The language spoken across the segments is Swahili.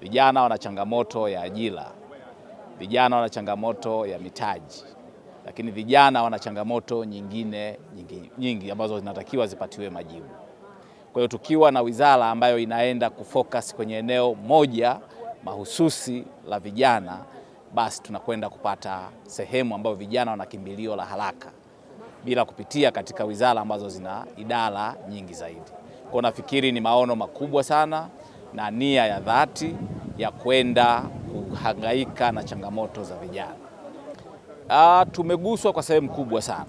Vijana wana changamoto ya ajira, vijana wana changamoto ya mitaji, lakini vijana wana changamoto nyingine nyingi, nyingi ambazo zinatakiwa zipatiwe majibu. Kwa hiyo tukiwa na wizara ambayo inaenda kufocus kwenye eneo moja mahususi la vijana, basi tunakwenda kupata sehemu ambayo vijana wana kimbilio la haraka bila kupitia katika wizara ambazo zina idara nyingi zaidi. Kwa nafikiri ni maono makubwa sana na nia ya dhati ya kwenda kuhangaika na changamoto za vijana. Ah, tumeguswa kwa sehemu kubwa sana,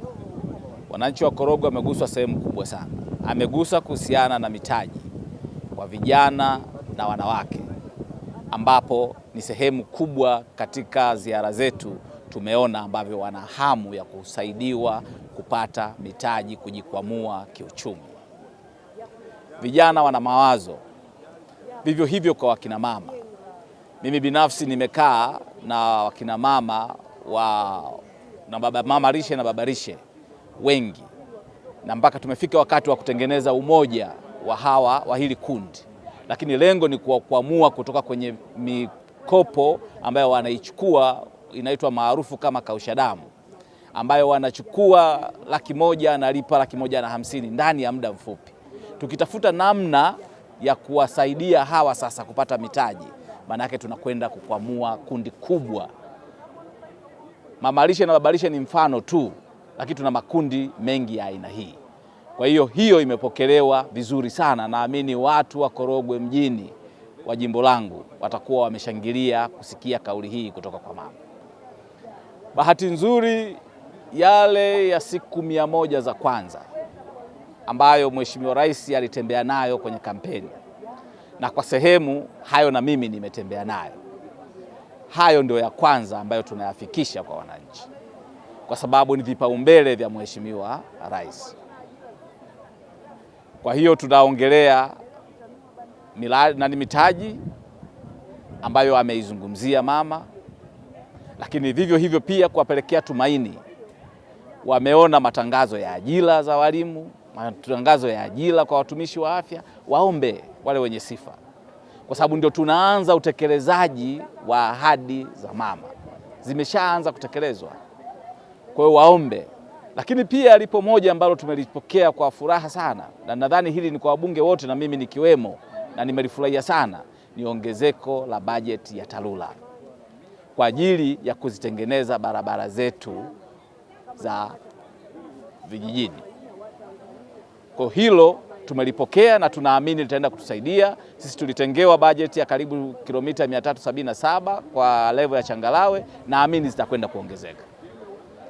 wananchi wa Korogwe wameguswa sehemu kubwa sana. Amegusa kuhusiana na mitaji kwa vijana na wanawake, ambapo ni sehemu kubwa katika ziara zetu tumeona ambavyo wana hamu ya kusaidiwa kupata mitaji kujikwamua kiuchumi. Vijana wana mawazo vivyo hivyo kwa wakinamama. Mimi binafsi nimekaa na wakinamama wa na baba, mama lishe na baba lishe wengi, na mpaka tumefika wakati wa kutengeneza umoja wa hawa wa hili kundi, lakini lengo ni kuamua kutoka kwenye mikopo ambayo wanaichukua inaitwa maarufu kama kausha damu, ambayo wanachukua laki moja analipa laki moja na hamsini ndani ya muda mfupi, tukitafuta namna ya kuwasaidia hawa sasa kupata mitaji, maanake tunakwenda kukwamua kundi kubwa. Mamalishe na babalishe ni mfano tu, lakini tuna makundi mengi ya aina hii. Kwa hiyo hiyo imepokelewa vizuri sana, naamini watu wa Korogwe mjini wa jimbo langu watakuwa wameshangilia kusikia kauli hii kutoka kwa mama. Bahati nzuri yale ya siku mia moja za kwanza ambayo Mheshimiwa Rais alitembea nayo kwenye kampeni, na kwa sehemu hayo na mimi nimetembea nayo. Hayo ndio ya kwanza ambayo tunayafikisha kwa wananchi, kwa sababu ni vipaumbele vya Mheshimiwa Rais. Kwa hiyo tunaongelea miradi na mitaji ambayo ameizungumzia mama, lakini vivyo hivyo pia kuwapelekea tumaini. Wameona matangazo ya ajira za walimu matangazo ya ajira kwa watumishi wa afya, waombe wale wenye sifa, kwa sababu ndio tunaanza utekelezaji wa ahadi za mama, zimeshaanza kutekelezwa. Kwa hiyo waombe, lakini pia lipo moja ambalo tumelipokea kwa furaha sana, na nadhani hili ni kwa wabunge wote na mimi nikiwemo, na nimelifurahia sana, ni ongezeko la bajeti ya TARURA kwa ajili ya kuzitengeneza barabara zetu za vijijini. Kwa hilo tumelipokea na tunaamini litaenda kutusaidia sisi. Tulitengewa bajeti ya karibu kilomita 377 kwa levo ya changalawe, naamini zitakwenda kuongezeka.